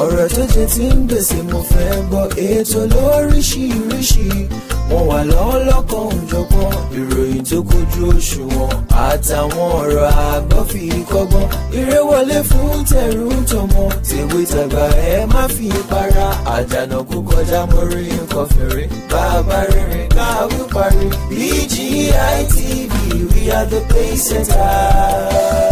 ọ̀rọ̀ tó jẹ ti ń gbèsè mo fẹ́ gbọ́ ètò lóríṣiríṣi wọ́n wà lọ́wọ́ lọ́kàn òjọ̀kan ìròyìn tó kojú òṣùwọ̀n àtàwọn ọ̀rọ̀ àgbọ́ fi kọ́gbọ́n eré wọlé fún tẹ̀rù tọmọ tèwe tàgbà ẹ má fi para àdànà kú kọjá mọ́rí nǹkan fèrè bàbá rìnrìn káwí parí BGI we are the pace setters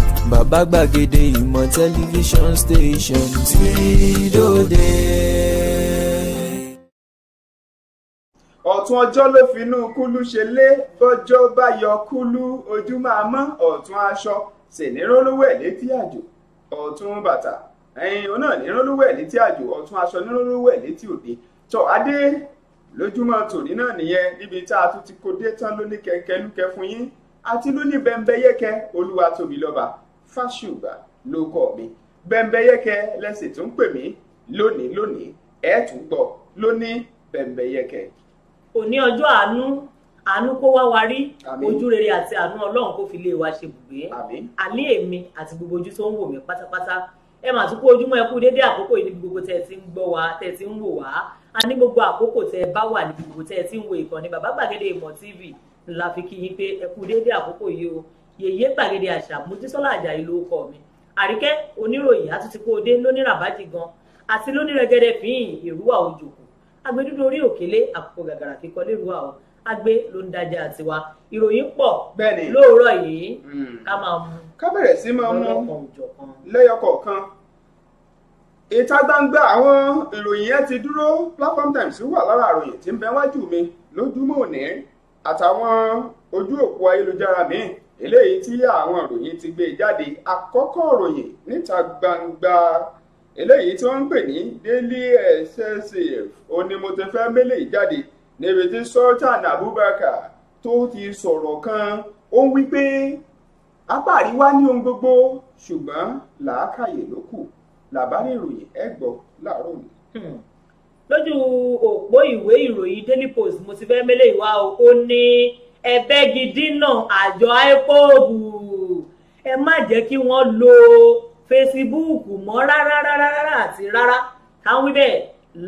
bàbá gbàgede ìmọ̀ tẹlifíṣọ̀n station tí dòde. ọ̀tún ọjọ́ ló finú kúlú ṣe lé bọ́jọ́ bá yọ kúlú ojú máa mọ́ ọ̀tún aṣọ ṣènírólówẹ̀ létí àjò ọ̀tún bàtà ẹ̀yìn òun náà nírólówẹ̀ létí àjò ọ̀tún aṣọ nírólówẹ̀ létí òde tó adé lójúmọ́ tòní náà nìyẹn níbi tá a tún ti kó dé tán lóní kẹ̀kẹ́ lúkẹ́ fún yín àti lóní bẹ́ńbẹ́yẹ́kẹ́ olúwa tóbi lọ́ba fáṣùgbà ló kọ́ mi bẹ́ńbẹ́yẹ́kẹ́ lẹ́sìn tó ń pè mí lónìí lónìí ẹ̀ tún gbọ́ lónìí bẹ́ńbẹ́yẹ́kẹ́. òní ọjọ́ àánú àánú kó wá wa rí ojú rere àti àánú ọlọ́run kó fi lé wa ṣe bùgbé àní èmi àti gbogbo ojú tó ń wò mí pátápátá ẹ mà tún kó ojúmọ́ ẹ kú déédéé àkókò yìí níbi gbogbo tẹ́ ẹ ti ń gbọ́ wá tẹ́ ẹ ti ń wò wá a ní gbogbo àkókò tẹ́ ẹ bá wà níbi gbogbo tẹ́ ẹ ti ń wo ìkànnì bàbá gbàgede ìmọ̀ tv ńlá fi kí yín pé ẹ déédéé àkókò yìí o yèyé gbàgede àṣà mojísọ́lá àjàyí lórúkọ mi àríkẹ́ oníròyìn àtúntìkóòdé lóníràbájì gan àti lónírẹ̀gẹ̀dẹ̀ fìhìn ìrúwà òjòkó agbe dúdú orí òkèlé àkókò gàgàrà kíkọ lérúwà o agbe ló ń dájà àti wa ìròyìn pọ̀ lóòrọ̀ yìí hmm. ká máa mú ká bẹ̀rẹ̀ sí máa mú lẹ́yọkọ̀ọ̀kan ìta gbangba àwọn ìròyìn yẹn ti dúró platform times wà lára ìròyìn tí ń bẹ wájú mi lójúmọ́ òní àtàwọn ojú òpó ayélujára míì eléyìí tí àwọn ìròyìn ti gbé jáde àkọ́kọ́ ìròyìn níta gbangba eléyìí tí wọ́n ń pè ní Daily Excelsior onímọ̀tẹ́fẹ́ mélèé jáde níbi tí Sultan Abubakar tó ti sọ̀rọ̀ kan ó ń wí pé apá àríwá ní ohun gbogbo ṣùgbọ́n làákàyè ló kù làbárẹ̀ ìròyìn ẹ̀ láàárọ̀ mi hmm. lójú òpó ìwé ìròyìn daily post mo ti fẹ́ mélé ìwá o ní ẹ̀bẹ̀ gidi náà àjọ ipobu ẹ má jẹ́ kí wọ́n lo fesibúùkù mọ́ rárá rárá rárá àti rárá táwọn bẹ́ẹ̀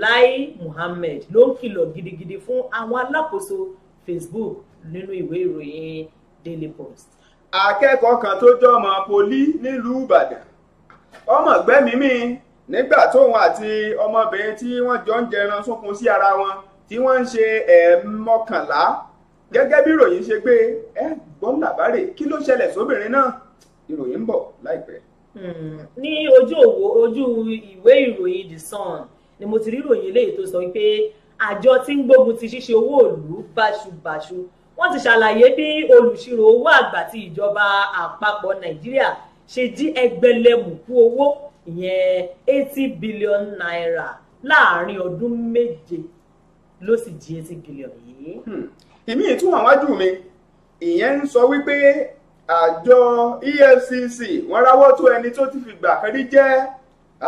Lai Muhammed ló ń kìlọ̀ gidigidi fún àwọn alákòóso Facebook nínú ìwé ìròyìn Daily Post. akẹ́kọ̀ọ́ kan tó jọmọ poli nílùú Ìbàdàn ọmọ gbẹ́mìí mi nígbà tóun àti ọmọbìnrin tí wọ́n jọ ń jẹran sunkún sí ara wọn tí wọ́n ń ṣe ẹ̀ẹ́mọ́kànlá gẹ́gẹ́ bí ìròyìn ṣe gbé ẹ gbọ́n làbárè kí ló ṣẹlẹ̀ sóbìnrin náà ìròyìn ń bọ̀ láìpẹ́. Hmm, ní ojú òwò ojú ìwé ìròyìn the sun ni mo ti rí ìròyìn eléyìí tó sọ pé àjọ tí ń gbógun ti ṣíṣe owó ìlú báṣubàṣu wọ́n ti ṣàlàyé bí olùṣirò owó àgbà ti ìjọba àpapọ̀ nàìjíríà ṣe jí ẹgbẹ̀lẹ́mùkú owó ìyẹn eighty billion naira láàárín ọdún méje ló sì jí eighty billion yìí. Hmm ìmí ìtún àwájú mi ìyẹn ń sọ wípé àjọ EFCC wọ́n ráwọ́ tó ẹni tó ti fìgbà kan rí jẹ́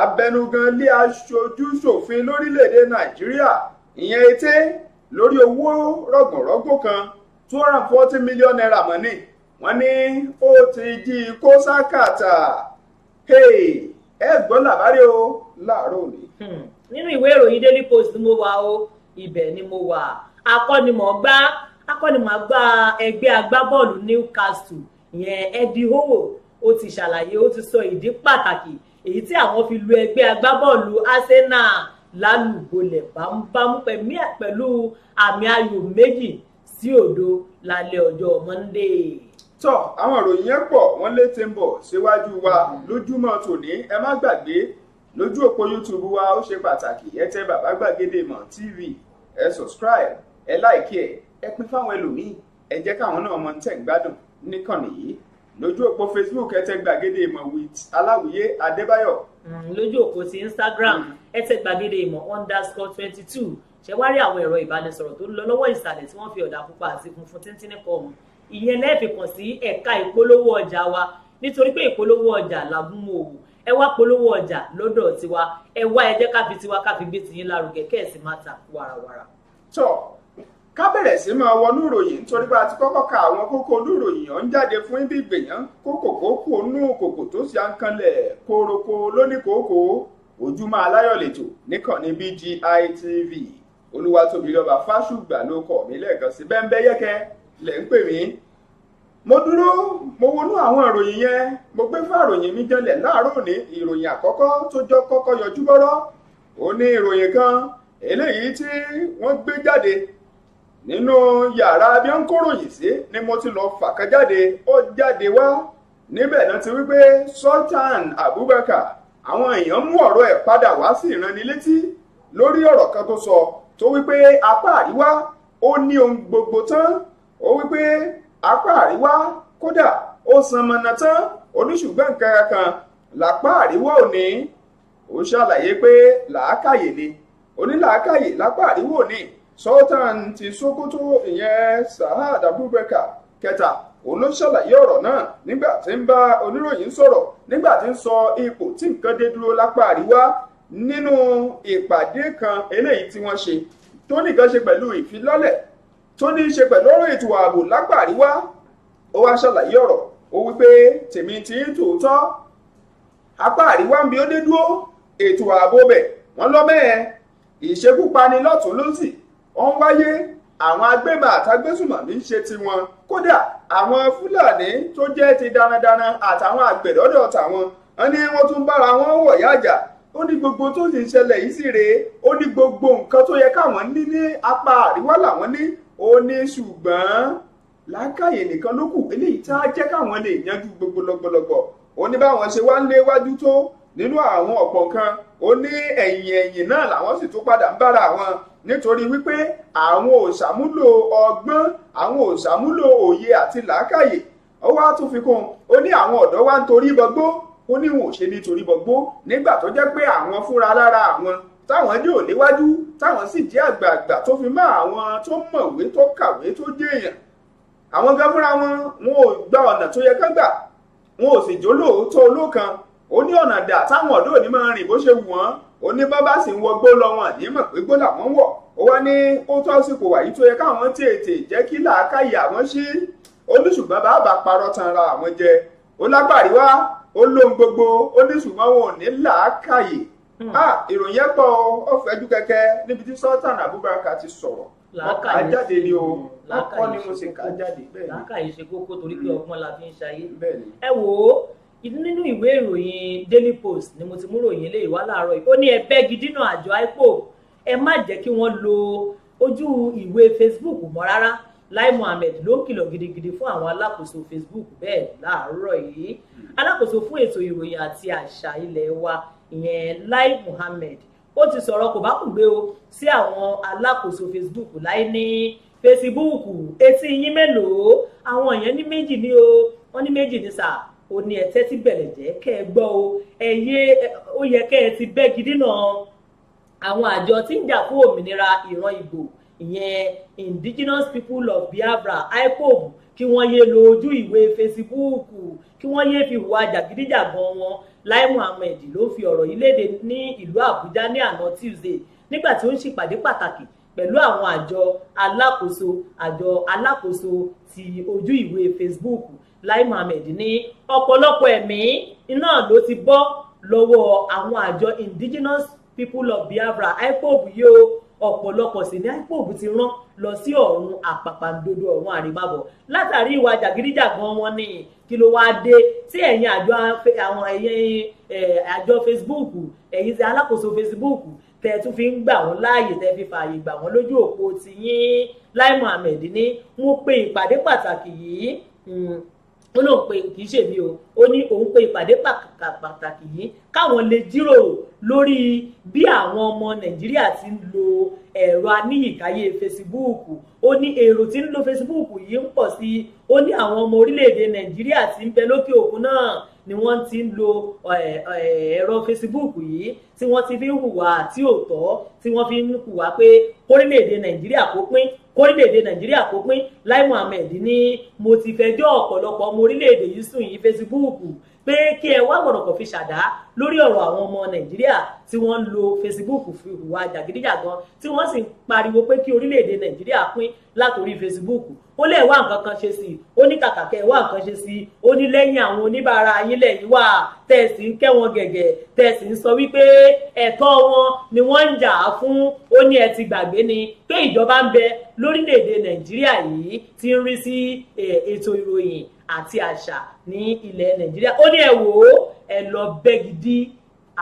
abẹnugan lé aṣojú ṣòfin lórílẹ̀‐èdè Nàìjíríà ìyẹn ète lórí owó rọ̀gùnrọ̀gùn kan two hundred and forty million naira mọ́nì wọ́n ní ó ti jí i kó sákàtà ẹ gbọ́ làbárí o láàárọ̀ òní. Hmm. nínú ìwé ìròyìn Daily Post ni mo wà o ibẹ̀ ni mo wà akọ́nimọ̀ọ́gbá akọ́nimọ̀gbá ẹgbẹ́ agbábọ́ọ̀lù Newcastle ìyẹn Eddie Howe ó ti ṣàlàyé ó ti sọ ìdí pàtàkì èyí tí àwọn fi lu ẹgbẹ́ agbábọ́ọ̀lù Arsenal lálùbọ́lẹ̀ bámúbámú pẹ̀lú àmì ayò méjì sí òdo lálẹ́ ọjọ́ Monday tọ àwọn ìròyìn yẹn pọ̀ wọ́n létí ń bọ̀ síwájú wa lójúmọ́ tòní ẹ má gbàgbé lójú òpó youtube wa ó ṣe pàtàkì ẹ tẹ bàbá gbàgede mọ̀ tv ẹ subscribe ẹ like ẹ ẹ pín fáwọn ẹlòmíì ẹ jẹ́ káwọn náà mọ tẹ̀ ń gbádùn níkànnì yìí lójú òpó Facebook ẹ tẹ gbàgede ìmọ̀ with aláwìyé adébáyọ̀. Hmm, lójú òpó ti Instagram ẹ tẹ gbàgede ìmọ̀ underscore twenty two ṣẹ wá rí àwọn ẹ̀rọ ìbánisọ̀rọ̀ tó lọ lọ́wọ́ ìsàlẹ̀ tí wọ́n fi ọ̀dà pupa àti funfun tíntínní kọ ọ̀hún ìyẹn lẹ́ẹ̀fì kàn sí ẹ̀ka ìpolówó ọjà wa nítorí pé ìpolówó ọjà làgúnmu òwò ẹ wá polówó ọjà lọ́dọ̀ tiwa ẹ wá ẹ jẹ́ ká fi tiwa ká fi gbé tiyín lárugẹ kẹ́ẹ̀sì má ta wàràwàrà. tọ́ bẹ̀rẹ̀ sí máa wọnú ìròyìn nítorí bá a ti kọ́kọ́ ka àwọn kókó oníròyìn ọ̀hún jáde fún ibi ìgbìyàn kókòkó kú onú kòkò tó sì á ń kanlẹ̀ kórokó lóníkòókò ojúmọ́ aláyọ̀ lẹ́tọ̀ níkànnì BGI TV olúwatóbilọ́ba fásùgbà ló kọ̀ mí lẹ́ẹ̀kan sí bẹ́ńbẹ́ yẹ́kẹ́ lẹ̀ ń pè mí mo dúró mo wọnú àwọn ìròyìn yẹn mo gbé fàròyìn mi jẹlẹ̀ láàárọ̀ òní ìròyìn àkọ́kọ́ tó jọ kọ́kọ́ yọjú bọ́rọ́ ó ìròyìn kan eléyìí tí wọ́n gbé jáde nínú yàrá bí ó ń kóròyìn sí ni mo ti lọ fàkàn jáde ó jáde wá níbẹ̀ náà ti wípé Sultan Abubakar àwọn èèyàn mú ọ̀rọ̀ ẹ̀ padà wá sí ìránnilétí lórí ọ̀rọ̀ kan tó sọ tó wípé apá àríwá ó ní ohun gbogbo tán ó wípé apá àríwá kódà ó san mọ̀nà tán oníṣùgbọ́n nǹkan kan lápá àríwá òní ó ṣàlàyé pé làákàyè ni onílàákàyè lápá àríwá òní sultan ti sokoto ìyẹn sahad abubakar kẹta òun ló ṣàlàyé ọ̀rọ̀ náà nígbà tí ń bá oníròyìn sọ̀rọ̀ nígbà tí ń sọ ipò tí nǹkan dé dúró lápá àríwá nínú ìpàdé kan eléyìí tí wọ́n ṣe tó nìkan ṣe pẹ̀lú ìfilọ́lẹ̀ tó ní í ṣe pẹ̀lú ọ̀rọ̀ ètò ààbò lápá àríwá ó wá ṣàlàyé ọ̀rọ̀ ó wípé tèmi ti ń tòótọ́ apá àríwá ń bi ó dé dúró ètò ààbò bẹ̀ wọ́n lọ́mẹ́ẹ̀ ìṣekúpani lọ́tún ó ń wáyé àwọn agbébọn àtàgbésùmọ̀mí ń ṣe tiwọn kódà àwọn fúlàní tó jẹ́ ti darandaran àtàwọn àgbẹ̀ lọ́dọ̀ tàwọn wọn ni wọ́n tún bára wọn wọ̀ yájà ó ní gbogbo tó sì ń ṣẹlẹ̀ yìí sì rèé ó ní gbogbo nǹkan tó yẹ káwọn ní ní apá àríwá làwọn ní ó ní ṣùgbọ́n làákàyè nìkan ló kù eléyìí tá a jẹ́ káwọn lè yanjú gbogbo lọ́gbọ̀lọ́gbọ̀ ó ní báwọn ṣe wá ń léwájú tó nínú àwọn ọ̀pọ̀ nǹkan ó ní ẹ̀yìn ẹ̀yìn náà làwọn sì tún padà ń bára wọn nítorí wípé àwọn ò ṣàmúlò ọgbọ́n àwọn ò ṣàmúlò òye àti làákàyè ó wá tún fi kún un ó ní àwọn ọ̀dọ́ wa ń torí bọgbó ó ní wọn ò ṣe nítorí bọgbó nígbà tó jẹ́ pé àwọn fúnra lára àwọn táwọn dé òléwájú táwọn sì jẹ́ àgbààgbà tó fi mọ́ àwọn tó mọ̀wé tó kàwé tó jẹ́yàn àwọn gan fúnra wọn wọn ò gba ọ̀nà tó yẹ kán gbà wọn ò sì jólóòótọ́ olókan ó ní ọ̀nà dà táwọn ọ̀dọ́ òní máa rìn bó ṣe wù wọ́n ó ní bọ́ bá sì ń wọgbó lọ wọn ní mọ̀ pé gbọ́dọ̀ wọ́n wọ̀ ó wá ní ó tó àsìkò wàyí tó yẹ káwọn tètè jẹ́ kí làákàyè àwọn ṣí ó ní ṣùgbọ́n bá bá parọ́ tan ra àwọn jẹ ó lágbàrí wá ó lóhun gbogbo ó ní ṣùgbọ́n wọn ò ní làákàyè hmm. ah, ìròyìn ẹ̀ pọ̀ ọ̀fẹ́jú kẹ́kẹ́ níbi tí Sultan Abubakar ti sọ̀rọ̀ làákàyè jáde ni o làákàyè ṣe kókó nínú ìwé ìròyìn Daily Post ni mo ti mú ròyìn eléyìí wá láàárọ̀ yìí ó ní ẹ bẹ́gi dínà àjọ IPOB ẹ má jẹ́ kí wọ́n lo ojú ìwé Facebook mọ́ rárá Lai Mohammed ló ń gidigidi fún àwọn alákòóso Facebook bẹ́ẹ̀ láàárọ̀ yìí alákòóso fún ètò ìròyìn àti àṣà ilẹ̀ wa ìyẹn Lai Mohammed ó ti sọ̀rọ̀ kò bá kù gbé o sí àwọn alákòóso Facebook láì ní Facebook etí yín mélòó àwọn èèyàn ní méjì ní o wọ́n ní méjì ní sáà ó ní ẹtẹ tí bẹ̀rẹ̀ jẹ́ kẹ́ ẹ gbọ́ o ẹ̀yẹ ó yẹ kẹ́ ẹ ti bẹ́gi dínà àwọn àjọ tí ń jà fún òmìnira ìran Ìgbò ìyẹn indigenous people of Biabra IPOB kí wọ́n yé lo ojú ìwé fesibúùkù kí wọ́n yé fi hùwà jàgídíjàgan wọn Lai Muhammed ló fi ọ̀rọ̀ yìí léde ní ìlú Àbújá ní àná Tuesday nígbà tí ó ń ṣèpàdé pàtàkì pẹ̀lú àwọn àjọ alákòóso àjọ alákòóso ti ojú ìwé Facebook Lai Mohammed ní ọ̀pọ̀lọpọ̀ ẹ̀mí iná ló ti bọ́ lọ́wọ́ àwọn àjọ indigenous people of Biafra IPOB yìí o ọ̀pọ̀lọpọ̀ sì ní IPOB ti rán lọ sí ọ̀run àpàpàǹdodo ọ̀run àríbábọ̀ látàrí ìwà jàgídíjàgan wọn ni kí ló wáá dé tí ẹ̀yin àjọ àwọn ẹ̀yin àjọ Facebook ẹ̀yin ti alákòóso Facebook tẹ tún fi ń gbà wọn láàyè tẹ fi fààyè gbà wọn lójú òpó tiyín Lai Mohammed ní mo pe ìpàdé pàtàkì yìí hmm, ó lóun pe kì í ṣèmi o ó ní òun pe ìpàdé pàtàkì yìí káwọn lè jíròrò lórí bí àwọn ọmọ nàìjíríà ti ń lo ẹ̀rọ aníyìkáyé fesibúùkù ó ní èrò tí ń lo fesibúùkù yìí ń pọ̀ sí i ó ní àwọn ọmọ orílẹ̀-èdè nàìjíríà ti ń bẹ lókè òkun náà ni wọ́n ti ń lo ẹ̀rọ fesibúùkù yìí tí wọ́n ti fi ń hùwà tí ò tọ́ tí wọ́n fi ń hùwà pé orílẹ̀-èdè nàìjíríà kò pín kórílẹ̀-èdè nàìjíríà kó pín Lai Muhammed ní mo ti fẹjọ́ ọ̀pọ̀lọpọ̀ ọmọ orílẹ̀ yìí sùn yìí fesibúùkù pé kí ẹ wá gbọ̀rọ̀kọ̀ fi ṣàdá lórí ọ̀rọ̀ àwọn ọmọ nàìjíríà tí wọ́n ń lo facebook fi hùwà jàgídíjàgan tí wọ́n sì ń pariwo pé kí orílẹ̀-èdè nàìjíríà pín látòrí facebook ó lè wá nǹkan kan ṣe sí i ó ní kàkà kẹ́ ẹ wá nǹkan ṣe sí i ó ní lẹ́yìn àwọn oníbàárà yín lẹ́yìn wà tẹ́ ẹ sì ń kẹ́ wọn gẹ̀gẹ̀ tẹ́ ẹ sì ń sọ wípé ẹ̀tọ́ wọn ni wọ́n ń jà á fún ó ní ẹ ti gbàgbé ni pé ìjọba ń bẹ lórílẹ̀-èdè nàìjíríà yìí ti ń rí sí ètò ìròyìn àti àṣà ní ilẹ̀ nàìjíríà ó ní ẹ wò ó ẹ lọ bẹ́gidí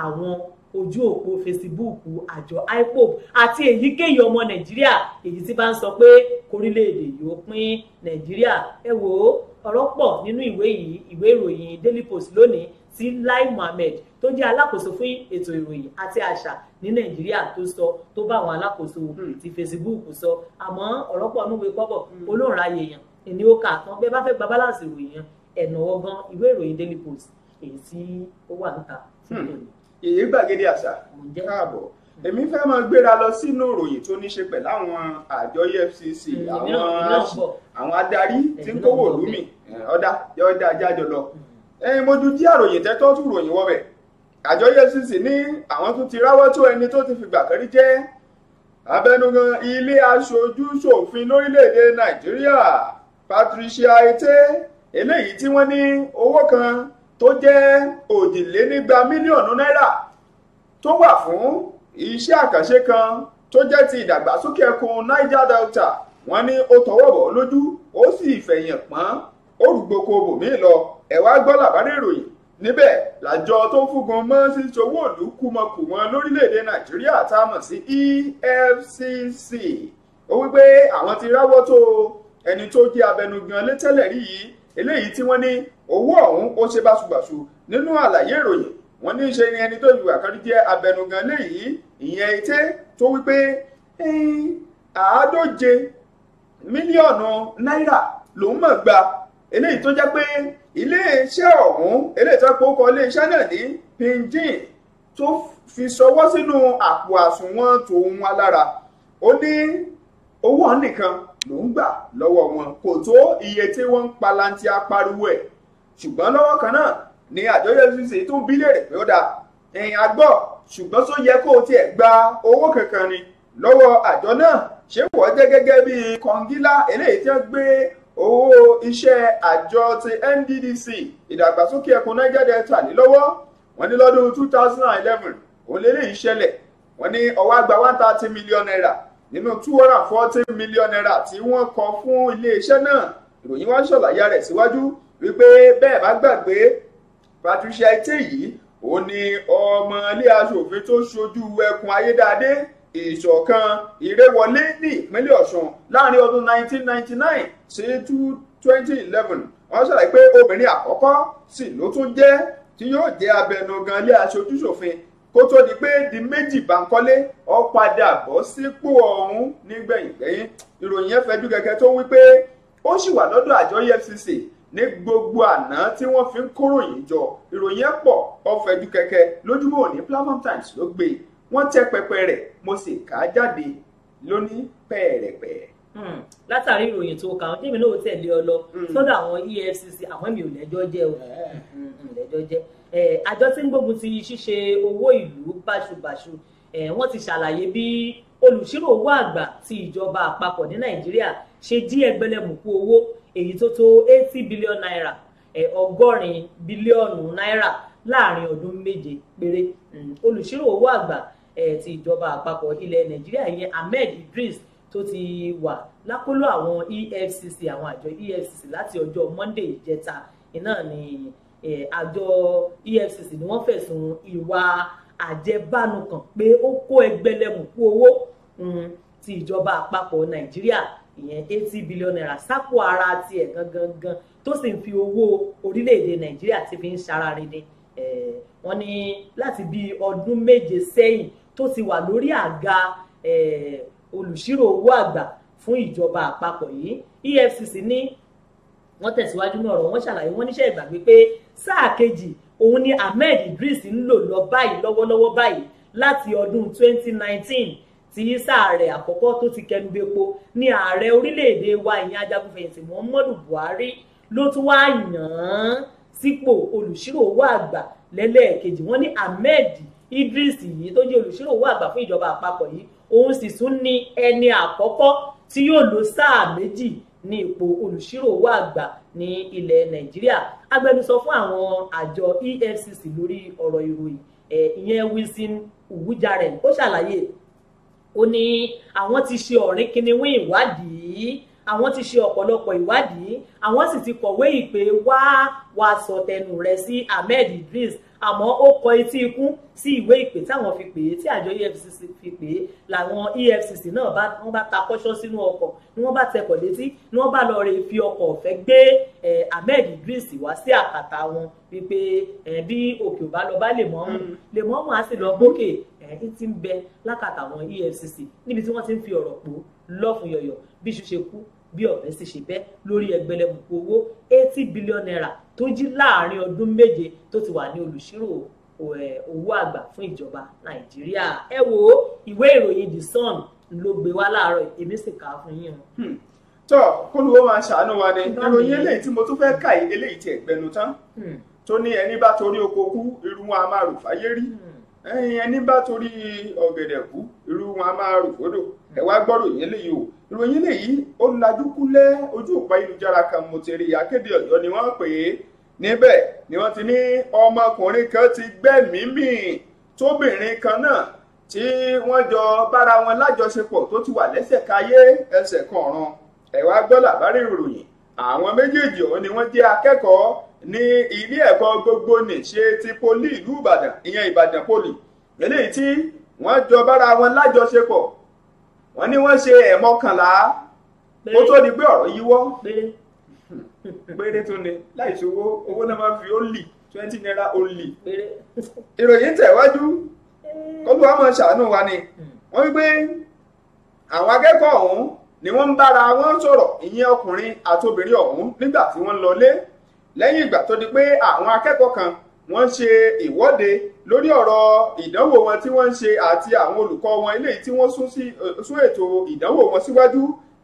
àwọn ojú òpó fesibúùkù àjọ ipob àti èyíkéyìí ọmọ nàìjíríà èyí tí bá ń sọ pé kórílẹ̀-èdè yóò pín nàìjíríà ẹ wò ó ọ̀rọ̀ pọ̀ nínú ìwé yìí ìwé ìròyìn daily post lónìí tí lai mohammed tó jẹ́ alákòóso fún ètò ìròyìn àti àṣà ní nàìjíríà tó sọ tó bá àwọn alákòóso ti facebook sọ àmọ́ ọ̀rọ̀ pọ̀ núwe kọ́bọ̀ hmm. olóòrà yèèyàn ìní ó kà tán bẹ́ẹ̀ bá fẹ́ gba balance ìròyìn yẹn ẹ̀nà ọgán ìwé ìròyìn daily post èyí tí ó wà níta. Hmm. èyí gbàgede àṣà káàbọ̀ hmm. èmi fẹ́ máa gbéra lọ sínú ìròyìn tó ní ṣe pẹ̀lú àwọn àjọ EFCC hmm. àwọn adarí tí ń kówó ìlú mi ọ̀dà ọ̀dà jájọ lọ mo ju jí àròyìn tẹ́tọ́ tún ròyìn wọ́bẹ̀ àjọ EFCC ní àwọn tún ti ráwọ́ tó ẹni tó ti fìgbà kan rí jẹ́ abẹnugan ilé aṣojú ṣòfin lórílẹ̀‐èdè Nàìjíríà Patricia Ete eléyìí tí wọ́n ní owó kan tó jẹ́ òjìlénígba mílíọ̀nù náírà tó wà fún iṣẹ́ àkànṣe kan tó jẹ́ ti ìdàgbàsókè ẹkùn Niger Delta wọ́n ní ó tọwọ́ bọ̀ lójú ó sì fẹ̀yìn pọ́n ó rúgbòkó bòmíì lọ ẹ̀ wá gbọ́ làbárí ìròyìn níbẹ̀ làjọ tó ń fúngun mọ́ sísọ owó ìlú kùmọ̀kù wọn lórílẹ̀‐èdè nàìjíríà tá a mọ̀ sí EFCC ó wípé àwọn ti ráwọ́ tó o ẹni tó jẹ́ abẹnugan létẹ́lẹ̀ rí yìí eléyìí tí wọ́n ní owó ọ̀hún ó ṣe báṣubàṣu nínú àlàyé ìròyìn wọ́n ní í ṣe ni ẹni tó ìwà kan jẹ́ abẹnugan léyìí ìyẹn ète tó wípé àádóje mílíọ̀nù náírà lòún mọ̀ gba eléyìí tó jẹ́ pé iléeṣẹ́ ọ̀hún eléyìí tó pọ̀ kọ iléeṣẹ́ náà ní pidgin tó fi ṣọwọ́ sínú àpò àsùnwọ̀n tòun alára ó ní owó nìkan ló ń gbà lọ́wọ́ wọn kò tó iye tí wọ́n ń palanti apariwo ẹ̀ ṣùgbọ́n lọ́wọ́ kan náà ni àjọ efcc tún bí léèrè pé ó dáa ẹ̀yìn àgbọ̀ ṣùgbọ́n tó yẹ kó o tiẹ̀ gba owó kankan ni lọ́wọ́ àjọ náà ṣé wọ́n jẹ́ gẹ́gẹ́ bí kọ̀ǹgílá eléyìí tí wọ́n gbé owó iṣẹ́ àjọ ti NDDC ìdàgbàsókè ẹkùn Niger Delta ní lọ́wọ́ wọ́n ní lọ́dún two thousand and eleven òun lélẹ́yìí ṣẹlẹ̀ wọ́n ní ọwọ́ àgbà one thirty million naira nínú two hundred and fourteen million naira tí wọ́n kọ fún iléeṣẹ́ náà ìròyìn wá ṣàlàyé rẹ̀ síwájú wípé bẹ́ẹ̀ bá gbàgbé Patricia Iteyi ó ní ọmọ ilé aṣòfin tó ṣojú ẹkùn ayédáadé ìṣọ̀kan ìrẹ́wọlé ní ìpínlẹ̀ ọ̀ṣun láàrin ọdún 1999 sí eleven. wọ́n ṣàlàyé pé obìnrin àkọ́kọ́ sì ló tún jẹ́ tí yóò jẹ́ abẹnugan ilé aṣojú ṣòfin kó tó di pé di méjì Bánkọ́lé ó padà bọ́ sípò ọ̀hún nígbẹ̀yìngbẹ̀yìn ìròyìn yẹn fẹjú kẹ̀kẹ́ tó wí pé ó sì wà lọ́dọ̀ àjọ EFCC ní gbogbo àná tí wọ́n fi ń kóròyìn jọ ìròyìn ẹ̀ pọ̀ ó fẹjú kẹ̀kẹ́ lójúmọ́ òní Platform Times ló gbé e. wọ́n tẹ pẹpẹ rẹ̀ mo sì kà á jáde lóní pẹ̀rẹ̀pẹ̀. Hmm, látàrí ìròyìn tó kà wọn jẹ́mi lóò tẹ̀lé ọ lọ hmm. sọ́dọ̀ àwọn EFCC àwọn èmi ò lẹ́jọ́ jẹ́ hmm, ò lẹ́jọ́ àjọ tí ń gbógun ti ṣíṣe owó ìlú báṣubàṣu wọ́n ti ṣàlàyé bí olùṣírò owó àgbà ti ìjọba àpapọ̀ ní nàìjíríà ṣe dí ẹgbẹ̀lẹ́mùkú owó èyí tó tó eighty billion naira ọgọ́rin bílíọ̀nù náírà láàrin ọdún méje péré hmm, olùṣírò owó àgbà ti ìjọba àpapọ̀ ilẹ̀ nàìjíríà yẹn ahmed idris tó ti wà lákòlò àwọn efcc àwọn àjọ efcc láti ọjọ́ monday ìjẹta iná ni àjọ EFCC ni wọ́n fẹ̀sùn ìwà àjẹbánu kàn pé ó kó ẹgbẹ̀lẹ́mùkú owó mm, ti ìjọba àpapọ̀ Nàìjíríà ìyẹn eighty billion naira sápò ara tiẹ̀ gangan gan tó sì ń fi owó orílẹ̀-èdè Nàìjíríà ti fi ń ṣara rere wọ́n ní láti bí ọdún méje sẹ́yìn tó ti wà lórí àga olùṣírò owó àgbà fún ìjọba àpapọ̀ yìí EFCC ní wọ́n tẹ̀síwájú náà ọ̀rọ̀ wọ́n ṣàlàyé wọ́n níṣẹ́ ìgbàgbé pé sáà kejì òun ni Ahmed Idris ń lò lọ báyìí lọ́wọ́lọ́wọ́ báyìí láti ọdún 2019 tí sáà rẹ̀ àkọ́kọ́ tó ti kẹnu bepo ni ààrẹ orílẹ̀-èdè wa ìyẹn ajagunfẹ̀yìntì Muhammadu Buhari ló tún wá yàn án sípò olùṣírò owó àgbà lẹ́lẹ́ẹ̀kejì wọ́n ní Ahmed Idris yìí tó jẹ́ olùṣírò owó àgbà fún ìjọba àpapọ̀ yìí òun sì tún ni ẹni àkọ́kọ́ tí yóò lò sáà méjì ní ipò olùṣírò owó àgbà ní ilẹ̀ nàìjíríà agbẹnusọ fún àwọn àjọ efcc lórí ọ̀rọ̀ ìròyìn ìyẹn wilson uwujare ó ṣàlàyé ó ní àwọn ti ṣe ọ̀rìn kìnnìún ìwádìí àwọn ti ṣe ọ̀pọ̀lọpọ̀ ìwádìí àwọn sì ti kọ̀wé ìpè wá wá sọ rẹ̀ sí ahmed idris àmọ́ ó kọ etí ikún sí ìwé ìpè táwọn fi pè é tí àjọ EFCC fi pè é làwọn EFCC náà bá wọ́n bá ta kọ́ṣọ́ sínú ọkọ̀ ni wọ́n bá tẹkọ̀ létí ni wọ́n bá lọ rè fi ọkọ̀ ọ̀fẹ́ gbé Ahmed Idris wá sí àkàtà wọn wípé bí òkè ò bá lọ bá lè mọ́ mú hmm. lè mọ́ mú á sì lọ bókè ẹ̀yìn tí ń bẹ lákàtà àwọn EFCC níbi tí wọ́n ti ń fi ọ̀rọ̀ pò lọ́fun yọ̀yọ̀ bí iṣu ṣe kú bí ọ̀rẹ́ sì ṣe bẹ́ lórí ẹgbẹ̀lẹ́mùkù owó eighty billion naira tó jí láàrin ọdún méje tó ti wà ní olùṣírò owó àgbà fún ìjọba nàìjíríà ẹ wo ìwé ìròyìn the sun ló gbé wá láàárọ̀ èmi sì kà á fún yín o. Hmm. tọ kólúwó máa ṣàánú wa ni ìròyìn eléyìí tí mo tún fẹ́ kà yìí eléyìí ti ẹ̀gbẹ́nu tán hmm. tó ní ẹni bá torí oko kú irú wọn a máa rò fáyé rí hmm. ẹni bá torí ọ̀gẹ̀dẹ̀ kú irú wọn a máa rò fódò ẹ wá gbọ́ròyìn eléyìí o ìròyìn lèyí ó lajú kúlẹ̀ ojú òpó ayélujára kan mo ti akéde ọ̀yọ́ ni wọ́n pè é níbẹ̀ ni wọ́n ti ní ọmọkùnrin kan ti gbẹ́mìí mì tóbìnrin kan náà tí wọ́n jọ bára wọn lájọṣepọ̀ tó ti wà lẹ́sẹ̀ káyé ẹsẹ̀ kan ọ̀ràn ẹ̀wá gbọ́ làbárí ìròyìn àwọn méjèèjì ọ̀hún ni wọ́n jẹ́ akẹ́kọ̀ọ́ ní ilé ẹ̀kọ́ gbogbo nìṣe ti poli ìlú ìbàdàn ìyẹn ìbàdàn poli eléyìí tí wọ́n jọ bára wọn lájọṣepọ̀ wọ́n ní wọ́n ṣe ẹ̀mọ́kànlá ó tó di pé ọ̀rọ̀ yíwọ́ péré tún ni láì ṣòwò owó náà máa fi ó lì twenty naira ó lì ìròyìn tẹ̀wájú kókó wa máa ṣàánú wa ni hmm. wọ́n wípé àwọn akẹ́kọ̀ọ́ ọ̀hún ni wọ́n ń bára wọn sọ̀rọ̀ ìyẹn ọkùnrin àti obìnrin ọ̀hún nígbà tí wọ́n lọlé lẹ́yìn ìgbà tó di pé àwọn akẹ́kọ̀ọ́ kan wọ́n ṣe ìwọ́de lórí ọ̀rọ̀ ìdánwò wọn tí wọ́n ń ṣe àti àwọn olùkọ́ wọn eléyìí tí wọ́n sún ètò ìdánwò wọn síwájú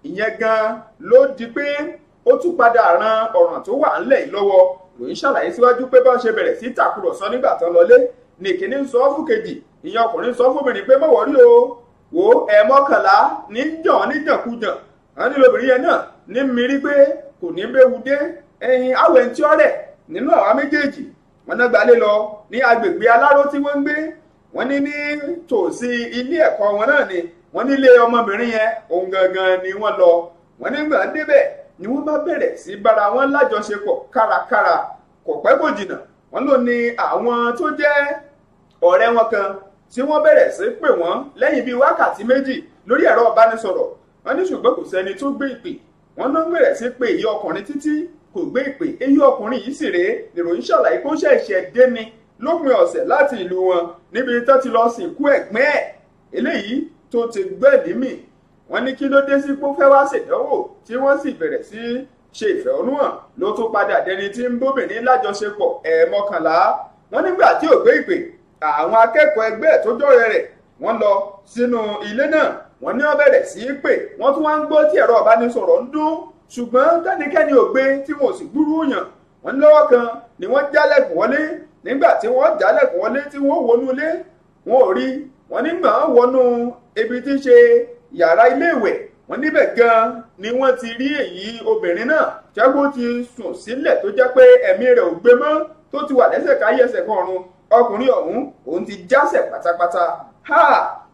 ìyẹn gan ló di pé ó tún padà ran ọ̀ràn tó wà ńlẹ̀ yìí lọ́wọ́ ròyìn ṣàlàyé síwájú pé bá ń ṣe bẹ̀rẹ̀ sí tàkùrọ̀sọ nígbà tán lọlé ní kíní ń sọ fún kejì ìyẹn ọkùnrin sọ fún obìnrin pé mọ̀wọ́ rí o wò ó ẹ̀ mọ́kànlá ní jàn ní jànkújàn wọn ní lóbìnrin yẹn náà ní mírí pé kò ní bẹ́ẹ̀ wú dé ẹyin awẹ́ntí ọ̀rẹ́ nínú àwa méjèèjì wọ́n náà gbalé lọ ní agbègbè aláró tí wọ́n ń gbé wọ́n ní ní tòsí ilé ẹ̀kọ́ wọn náà ni wọ́n nílé ọmọbìnrin yẹn òun gangan ni wọ́n lọ wọ́n nígbà débẹ̀ ni wọ́n bá bẹ̀rẹ̀ sí bára wọn lájọṣepọ̀ kárakára kò pẹ́ kò jìnnà wọ́n lò ní àwọn tó jẹ́ ọ̀rẹ́ wọn kan tí wọ́n bẹ̀rẹ̀ sí pè wọ́n lẹ́yìn bíi wákàtí méjì lórí ẹ̀rọ ìbánisọ̀rọ̀ wọ́n ní ṣùgbọ́n kò sẹ́ni tó gbé ìpè wọ́n náà bẹ̀rẹ̀ sí pè yí ọkùnrin títí kò gbé ìpè eyín ọkùnrin yìí sì rèé nìròyìn ṣàlàyé kó ṣẹ̀ṣẹ̀ dé ni lópin ọ̀sẹ̀ láti ìlú wọn níbi tó ti lọ sìnkú ẹ̀gbẹ́ ẹ̀ eléyìí tó ti gbẹ́ẹ̀dì mì wọ́n ní kí ló dé sí pé ó fẹ́ wá ṣèdánwò tí wọ́n sì bẹ̀rẹ̀ sí ṣe ìfẹ̀hónúhàn ló tún padà dẹni tí ń bóbìnrin lájọṣepọ̀ ẹ̀ẹ̀mọkànlá wọ́n nígbà tí ò gbé ìpè àwọn akẹ́kọ̀ọ́ ẹgbẹ́ ẹ̀ tó jọ́rẹ̀ rẹ̀ wọ́n lọ sínú ilé náà wọ́n ní wọ́n bẹ̀rẹ̀ sí í pè wọ́n tún wá ń gbọ́ tí ẹ̀rọ ìbánisọ̀rọ̀ ń dún ṣùgbọ́n tẹ́nikẹ́ni ò gbé tí wọn ò sì gbúrú yàn wọ́n lọ́wọ́ kan ni wọ́n jálẹ̀kùn wọlé nígbà tí wọ́n jálẹ̀kùn wọlé tí wọ́n wọnú ilé wọn ò rí wọn nígbà wọnú ibi tí ń ṣe yàrá iléèwẹ̀ wọn níbẹ̀ gan ni wọ́n ti rí èyí obìnrin náà ṣẹ́gun ti sùn sílẹ̀ tó jẹ́ pé ẹ̀mí rẹ̀ ò gbé mọ́ tó ti wà lẹ́sẹ̀ káyé ẹsẹ̀ kan ọ̀run ọkùnrin ọ̀hún òun ti jásẹ̀ pátápátá ha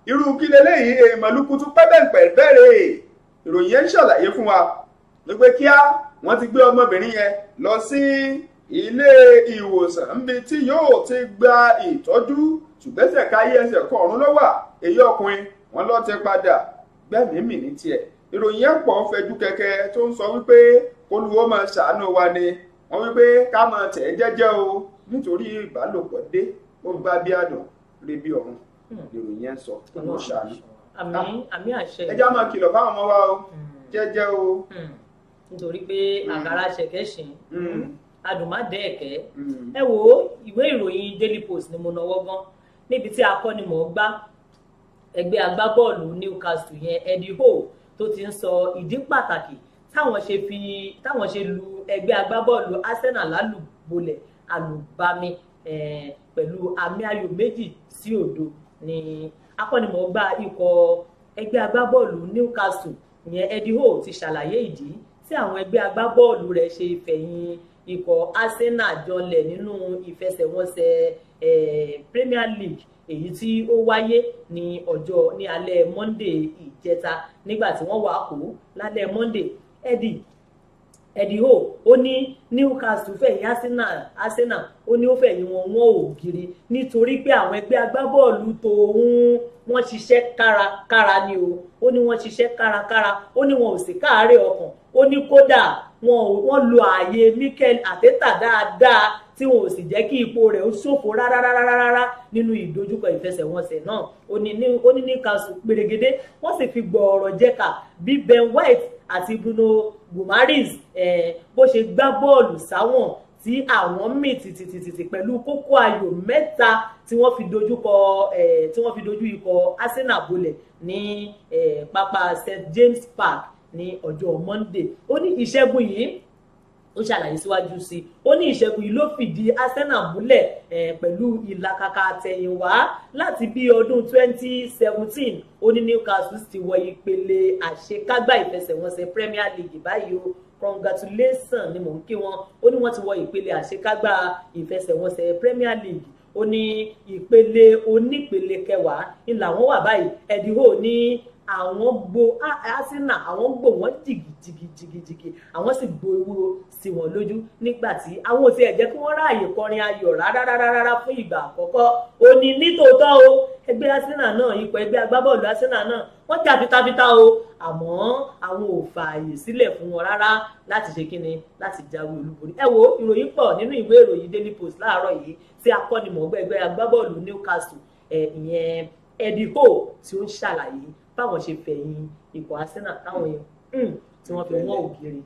irú kí leléyìí èèmọ̀ lukutu pẹ́bẹ́ǹpẹ́ bẹ́ẹ̀rẹ̀ ìròyìn ẹ̀ ń ṣàlàyé fún wa ló pé kíá wọ́n ti gbé ọmọbìnrin yẹn lọ sí ilé ìwòsàn níbi tí yóò ti gba ìtọ́jú ṣùgbẹ́sẹ̀ káyé ẹsẹ̀ kọ̀ọ̀rún ló wà èyí ọkùnrin wọn lọ tẹ padà gbẹ̀mí mì ní tiẹ̀ ìròyìn yẹn pọ̀ fẹjú kẹkẹ tó ń sọ wípé kólúwó máa ṣàánú wa ni wọ́n wípé ká máa tẹ̀ ẹ́ jẹ́jẹ́ o nítorí ìbálòpọ̀ dé ó gba bí àdùn rí bí ọ̀run hmm. ìròyìn yẹn sọ kólúwó ṣàánú. àmì àṣẹ. ẹ já máa kìlọ̀ fáwọn ọmọ wa o hmm. jẹ́jẹ́ o. Mm nítorí pé hmm. àgàrà ṣẹ̀kẹ̀ṣìn hmm. adùnmádẹ́ ẹ̀kẹ́ hmm. ẹ wo ìwé ìròyìn Daily Post ni mo nọwọ́ gan níbi tí akọ́nimọ̀ọ́gbá ẹgbẹ́ agbábọ́ọ̀lù Newcastle yẹn Eddie Howe tó ti ń sọ ìdí pàtàkì táwọn ṣe fi táwọn ṣe lu ẹgbẹ́ agbábọ́ọ̀lù Arsenal lálùbọ́lẹ̀ àlùbami pẹ̀lú àmì ayò méjì sí òdo ni akọ́nimọ̀ọ́gbá ikọ̀ ẹgbẹ́ agbábọ́ọ̀lù Newcastle ìyẹn Eddie Howe ti ṣàlàyé ìdí tí àwọn ẹgbẹ́ agbábọ́ọ̀lù rẹ̀ ṣe fẹ̀yìn ikọ̀ Arsenal jọlẹ̀ nínú ìfẹsẹ̀wọnsẹ̀ Premier League èyí tí ó wáyé ní ọjọ́ ní alẹ́ Monday ìjẹta nígbà tí wọ́n wà kó lálẹ́ Monday eddie ẹ̀dìhò ó ní Newcastle fẹ̀yìn Arsenal Arsenal ó ní ó fẹ̀yìn wọn wọn ò giri nítorí pé àwọn ẹgbẹ́ agbábọ́ọ̀lù tòun wọ́n ṣiṣẹ́ kárakára ni o ó ní wọ́n ṣiṣẹ́ kárakára ó ní wọn ò sì káàárẹ̀ ọkàn ó ní kódà wọ́n lo ààyè Mikel Arteta dáadáa tí wọn ò sì jẹ́ kí ipò rẹ̀ ó ṣòfò rárárárárá nínú ìdojúkọ ìfẹsẹ̀wọnsẹ̀ náà ó ní Newcastle pèrègede wọ́n sì fi gbọ̀ọ̀rọ̀ jẹ́ka bí Ben White àti Bruno Guimaraes bó ṣe gbá bọ́ọ̀lù sáwọn tí àwọn mì tìtìtìtì pẹ̀lú kókó ayò mẹ́ta tí wọ́n fi dojúkọ tí wọ́n fi dojú ikọ̀ Arsenal bolẹ̀ ní pápá St James Park ní ọjọ́ Monday ó ní ìṣẹ́gun yìí ó ṣàlàyé síwájú sí i ó ní ìṣẹ́gun yìí ló fìdí Arsenal múlẹ̀ pẹ̀lú ìlàkàkà àtẹ̀yìnwá láti bí ọdún 2017 ó ní Newcastle ti wọ ìpele àṣekágbá ìfẹsẹ̀wọnsẹ̀ Premier League báyìí o congratulations ni mò ń kí wọn ó ní wọ́n ti wọ ìpele àṣekágbá ìfẹsẹ̀wọnsẹ̀ Premier League ó ní ìpele onípele kẹwàá ni làwọn wà báyìí ẹ̀dínwó ní àwọn gbo arsenal àwọn gbò wọ́n jìgìjìgìjìgì àwọn sì gbo ewúro sí wọn lójú nígbà tí àwọn ò tiẹ̀ jẹ́ kí wọ́n ráàyè kọrin ayọ̀ rárárárá fún ìgbà àkọ́kọ́ òní nítòótọ́ o ẹgbẹ́ arsenal náà ikọ̀ ẹgbẹ́ agbábọ́ọ̀lù arsenal náà wọ́n jà fitafita o àmọ́ àwọn ò fààyè sílẹ̀ fún wọn rárá láti ṣe kíni láti jáwé olúborí ẹ wo ìròyìn pọ̀ nínú ìwé ìròyìn daily post láàárọ̀ yìí tí akọ́nimọ̀ọ́gbẹ́ ẹgbẹ́ agbábọ́ọ̀lù newcastle ìyẹn eddie howe tí ó ń ṣàlàyé báwọn ṣe fẹ̀yìn ikọ̀ Arsenal táwọn èèyàn hmm, tí wọ́n fi wọ́n ògiri.